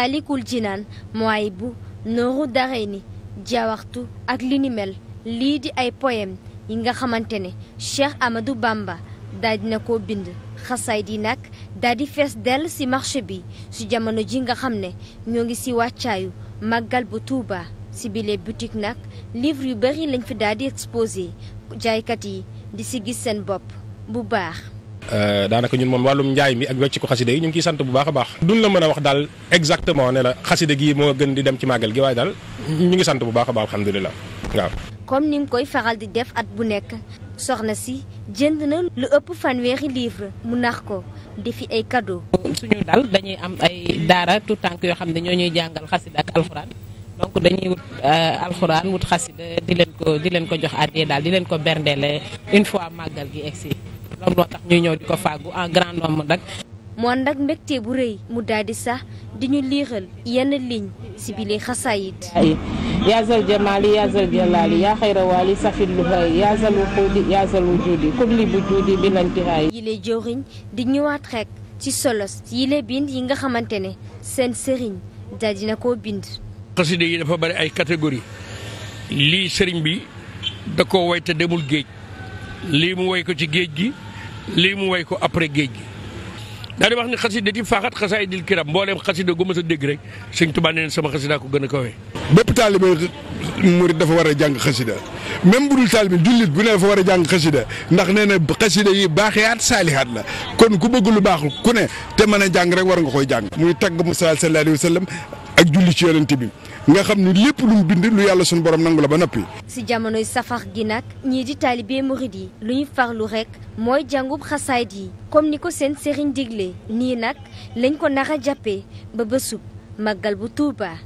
masaalikul jinaan mooy bu nooru dara ni jaawaxtu ak li mel lii di ay poème yi nga xamante ne Cheikh Amadou Bamba daal na ko bind xasaay di nag daal di fees dell ci marché bi ci jamono ji nga xam ne ñoo ngi ci wàccaayu màggal bu Tuuba ci bile boutique nag livre yu bari lañ fi daal di exposé jaaykat yi di ci gis seen bopp bu baax Euh, daanaka ñun moom wàllum njaay mi ak wecc ko xasida yi ñu ngi ciy sant bu baax a baax duñ la mën a wax daal exactement ne la xasida gii moo gën di dem ci màggal gi waaye daal ñu ngi sant bu baax a baax waaw comme ni mu koy faral di def at bu nekk soxna si jënd na lu ëpp fanweeri livre mu nax ko defi ay cadeau suñu dal dañuy am ay daara tout tànk yoo xam ne ñoo ñuy jàngal xasida ak alxuraan donc dañuy wut euh, alxuraan wut xasida di leen ko di leen ko jox àddee daal di leen ko berndele une fois màggal gi egsi loolu moo ñuy ñëw di ko fàggu en grand nombre nag. moo nag mbégte bu rëy mu daldi di sax di ñu liixal yenn ligne si bile xasaayit. yaazal jamaali yaazal jalaali yaa xayra waali lu xay yaazal wuxuudi yaazal wujuudi kubli bu juudi bi lanti xaay. yi lay jëriñ di ñëwaat rek ci solos yi lay bind yi nga xamante ne seen sëriñ daal dina koo bind. xaside yi dafa bari ay catégorie lii sëriñ bi da koo way demul géej. lii mu woy ko ci géej gi lii mu woy ko après géej gi daal di wax ni xasida ti faaxat xasaay dil kiram mbooleem xasida gu ma sa dégg rek sëñ Tuubaa neen sama xasida ko gën a kawee bépp taalibe murit dafa war a jàng xasida même bu dul taalibe jullit bu nee dafa war a jàng xasida ndax nee na xasida yi baaxiyaat saalihaat la kon ku bëgg lu baax ku ne te mën a jàng rek war nga koy jàng mu tagg mu sallallahu alayhi wa sallam ak julli ci yonent bi nga xam ni lépp lu mu bind lu yàlla suñu borom nangu la ba noppi. si jamonoy safar gi nag ñii di taalibe murid yi lu ñu farlu rek mooy jàngu xasaayid yi comme ni ko seen sëriñ digle nii nag lañ ko nar a jàppee ba bésub màggal bu Tuuba.